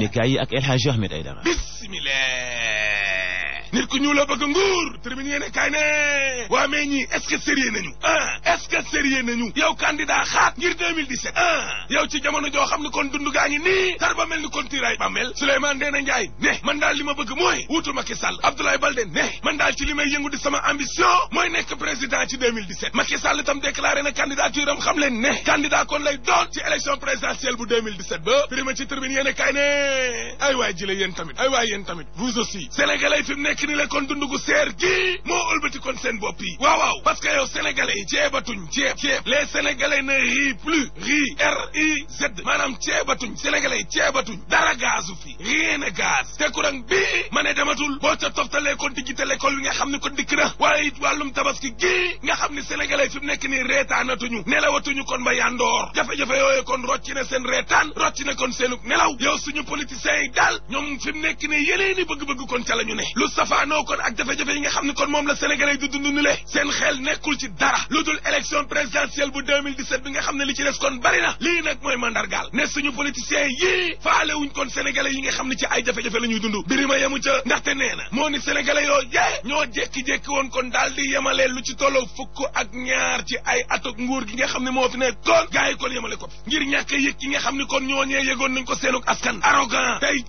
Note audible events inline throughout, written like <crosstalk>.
yéenekaay yi ak El Hadji Ahmed Aidara bismillah nit ku ñuul bëgg nguur tribune yéene kaay ne waa mais ñii est-ce que sérieux nañu ah est que sérieux nañu yow candidat xaat ngir 2017 ah yow ci jamono joo xam ne kon dund gaa ngi nii tar ba mel ni kon tiiraay ba mel Souleymane Ndéné Ndiaye ne man daal li ma bëgg mooy wuutu Macky Sall Abdoulaye Baldé ne man daal ci li may yëngu di sama ambition mooy nekk président ci 2017 Macky Sall tam déclaré na candidature xam leen ne candidat kon lay doon waay yéen tamit ay waay yéen tamit vous mu nekk nekk la kon dund gu seer gi moo ëlbati kon seen bopp yi waaw waaw parce que yow sénégalais ceebatuñ ceeb ceeb les sénégalais ne ri plus ri r i z maanaam ceebatuñ sénégalais ceebatuñ dara gazu fi rien ne gaz te courant bii ma ne dematul boo ca toftalee kon di gite l'école bi nga xam ne kon dikk na waaye it wàllum tabaski gi nga xam ne sénégalais fi mu nekk nii reetaanatuñu nelawatuñu kon ba yandoor jafe-jafe yooyu kon rocci na seen reetaan rocci na kon seenuk nelaw yow suñu politiciens yi daal ñoom fi mu nekk nii yeneeni bëgg-bëgg kon ñu ne safaanoo kon ak jafe-jafe yi nga xam ne kon moom la sénégalais yi du dund ni le seen xel nekkul ci dara lu dul élection présidentielle bu bi nga xam ne li ci des kon bari na lii nag mooy mandargaal ne suñu politiciens yii faale kon sénégalais yi nga xam ne ci ay jafe-jafe la ñuy dund birima yemu ca ndaxte nee na moo ni sénégalais yoo jee ñoo jékki-jékki woon kon daal di yemalee lu ci tolloo fukk ak ñaar ci ay atok nguur gi nga xam ne moo fi ne kon gars yi kon ko ngir ñàkk yëg yi nga xam ne kon ñooñee yëgoon nañ ko seenuk askan arrogant tey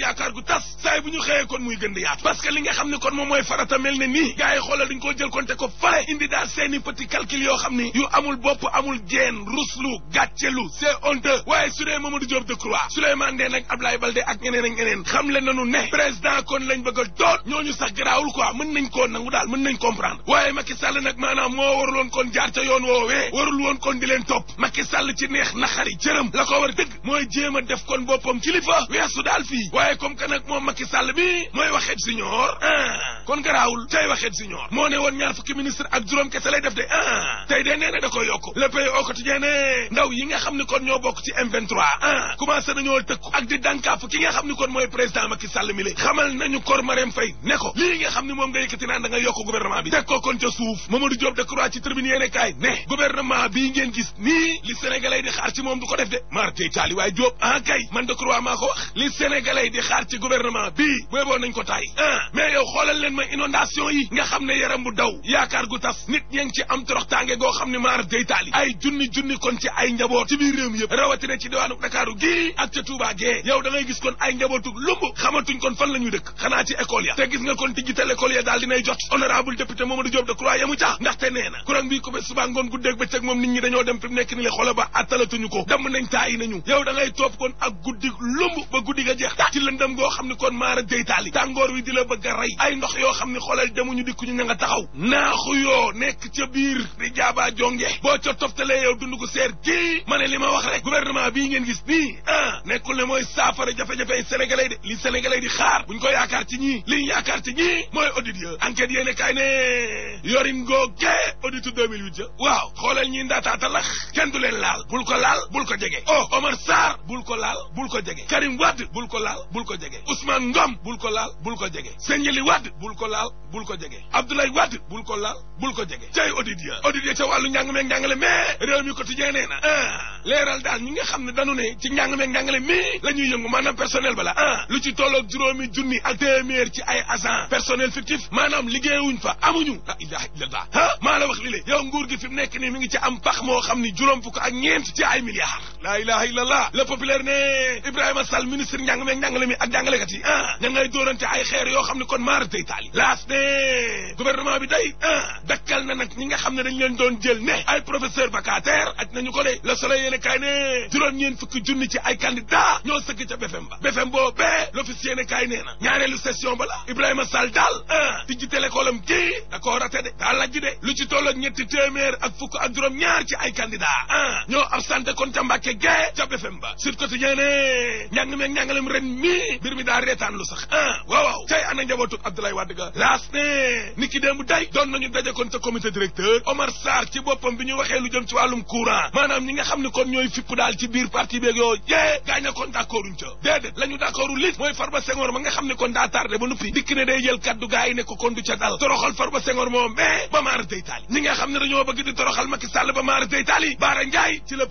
yaakaar gu tas saay bu ñu xëyee kon muy gën yaatu parce que li nga xam ne kon moom mooy farata mel ne nii gars yi xoolal dañ koo jël konte ko fale indi daal seeni petit calcul yoo xam ni yu amul bopp amul jeen ruslu gàccelu c'est honteux waaye su dee Mamadou Diop Decroix Souleymane Ndéné ak Ablaye Baldé ak ñeneen ak ñeneen xam le nañu ne président kon lañ bëgg a doon ñooñu sax garaawul quoi mën nañ koo nangu daal mën nañ comprendre waaye Macky Sall nag moo warul woon kon jaar ca yoon woowee warul woon kon di leen topp Macky ko war dëgg mooy jéem a def kon boppam kilifa weesu daal fii waaye comme que Ahmed Junior ah. kon garaawul cay waxeet si ñoor moo ne woon ñaar fukki ministre ak juróom kese lay def de ah tey de nee na yokk le pays au quotidien ne ndaw yi nga xam ne kon ñoo bokk ci M23 ah commencé nañoo tëkku ak di dànkaaf ki nga xam ne kon mooy président ma Sall mi li xamal nañu kor Marème Faye ne ko lii nga xam ni moom nga yëkkati naan da nga yokk gouvernement bi teg ko kon ca suuf Mamadou Diop moom du ko de marté taali waaye Diop ah kay man Decroix maa ko wax ci gouvernement bii booboo nañ ko taay ah mais leen ma inondation yi nga xam ne yaram bu daw yaakaar gu tas nit ñi ci am toroxtaange goo xam ne maar day taali ay junni junni kon ci ay njaboot ci biir réew mi yëpp rawatina ci diwaanu Dakaaru gii ak ca Tuubaa gee yow da gis kon ay njabootug lumb xamatuñ kon fan la ñuy dëkk xanaa ci école ya te gis nga kon digital école ya daal dinay jot honorable député Mamadou Diop Decroix yamu ca ndaxte nee dem fi mu nekk ni le xola ba attalatuñu ko dem nañ taayi nañu ba guddi ga jeex goo xam ne kon maara day taali tàngoor a rey ay yoo xam ne xoolal demuñu dikkuñu ña nga taxaw naaxu yoo nekk ca biir di jaabaa jonge boo ca toftalee yow dund ko seer kii ma ne li ma wax rek gouvernement bii ngeen gis nii ah nekkul ne mooy saafara jafe-jafe sénégalais de li sénégalais di xaar buñ ko yaakaar ci ñii liñ yaakaar ci ñii mooy audit ya enquête yéene kaay ne yorin googe audit 2008 ja waaw xoolal ñi ndaataata lax kenn du leen laal bul ko laal bul ko jege o oh, Omar Sarr bul ko laal bul ko jege Karim Wade bul ko laal bul ko jege Ousmane Ngom bul laal bul bul ko laal bul ko jege Abdoulaye Wade bul ko laal bul ko jege cay audit ya audit ya ca wàllu njàng meeg njàngale mais réew mi quotidien nee na ah. leeral daal ñu nga xam ne danu ne ci njàng meeg njàngale mii la ñuy yëngu maanaam personnel bala ah lu ci tolloog juróomi junni ak téeméer ci ay agent personnel fictif maanaam liggéeyuñ fa amuñu la ilaha illallah ah maa la wax li lé yow nguur gi fi mu nekk nii mi ngi ci am pax moo xam ni juróom fukk ak ñeent ci ay milliards laa ilaha la le populaire ne Ibrahima Sall ministre njàng meeg njàngale mi ak jàngalekat yi ah ña ngay dóorante ay xeer yoo xam ne kon maar day taali laas ne gouvernement bi day ah dakkal na nag ñi nga xam ne dañ leen doon jël ne ay professeur vacataire aj nañu ko de le soleil yéene kaay ne juróom ñeen fukki junni ci ay candidat ñoo sëkk ca BFM ba BFM boobee l'office yéene nee na ñaareelu session ba la Ibrahima Sall daal ah di jiite l'école am kii da koo rate de daa lu ci toll ak ñetti téeméer ak fukk ak juróom ñaar ci ay candidat ah ñoo absenté kon ca Mbàkke yéene gae jab FM ba Sud Quotidien ne njàng meeg njàngalem ren mi mbir mi daa reetaan lu sax ah waaw waaw tey ana njabootu Abdoulaye Wade ga laas ne ni ki démb day doon nañu dajekoon ca comité directeur Omar Sarr ci boppam bi ñu waxee lu jëm ci wàllum courant maanaam ñi nga xam ne kon ñooy fipp daal ci biir parti beeg yoo yée gaañ a kon ca déedéet la ñu d'accordu lit mooy Farba Senghor ma nga xam ne kon daa tardé ba nuppi dikk ne day jël kaddu gaa e xam ne dañoo bëgg di toroxal Macky Sall ba maara day taali Baara Ndiaye ci le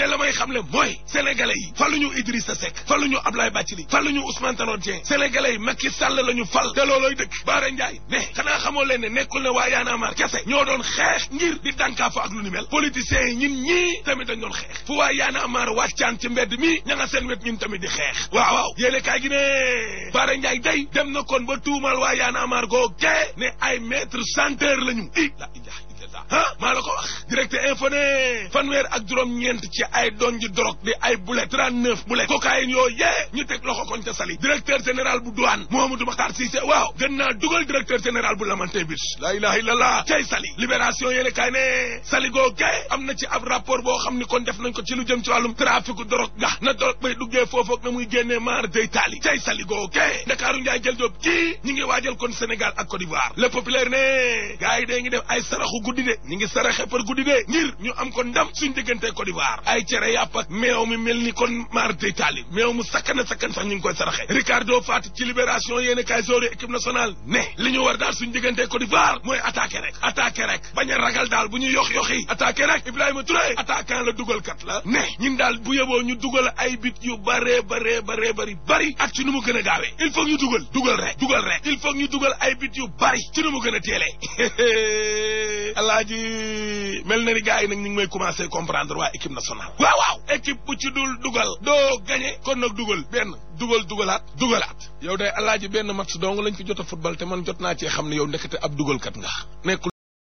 ne la may xam le mooy sénégalais yi faluñu Idrissa Seck faluñu Ablaye Bathily faluñu Ousmane Tanor Dieng sénégalais yi Macky Sall la ñu fal te loolooy dëkk Baara Ndiaye ne xanaa xamoo leen ne nekkul ne waa yaanaamaar kese ñoo doon xeex ngir di dànkaafa ak lu ni mel politiciens yi ñun ñii tamit dañ doon xeex fu waa yaanaamaar wàccaan ci mbedd mi ña nga seen wet ñun tamit di xeex waaw waaw yéene kaay gi ne Baara Ndiaye day dem na kon ba tuumal waa yaanaamaar goo ne ay maître chanteur lañu i la ilaha illallah ah maa la ko wax direct info ne fanweer ak juróom-ñeent ci ay doon ji di ay bulet 39 bulet cocaïne yoo yee ñu teg koñ ca sali directeur général bu douane Mouhamadou Makhtar Cissé waaw gën dugal directeur général bu lamantin bis la ilaha cay sali libération yéene kaay ne sali googe am na ci ab rapport boo xam ni kon def nañ ko ci lu jëm ci wàllum trafic drogue nga na drogue bay duggee foofu ak na muy maar day taali cay sali googe Ndakaaru Njaay boobee ngir ñu am ko ndam suñ diggante Côte d'Ivoire ay cere yàpp ak meew mi mel ni kon mar d'Italie meew mu sakkan sakkan sax ñu ngi koy saraxe Ricardo Fati ci libération yéeni kaay sóoru équipe nationale ne li ñu war daal suñ diggante Côte d'Ivoire mooy attaqué rek attaqué rek bañ a ragal daal bu ñu yox yoxi attaqué rek Ibrahima Touré attaquant la dugal la ne ñun daal bu yeboo ñu dugal ay bit yu bare bare bare bari bari ak ci nu mu gën a gaawee il faut ñu dugal dugal rek dugal rek ay bit yu a teelee <laughs> alaaji mel na ni gars nag ñu ngi may commencé comprendre waa équipe nationale waaw waaw équipe bu ci dul dugal doo gagné kon nag dugal benn dugal dugalaat dugalaat yow day alaaji benn match dong lañ fi jot a football te man jot naa cee xam ne yow ndekete ab dugalkat nga nekkul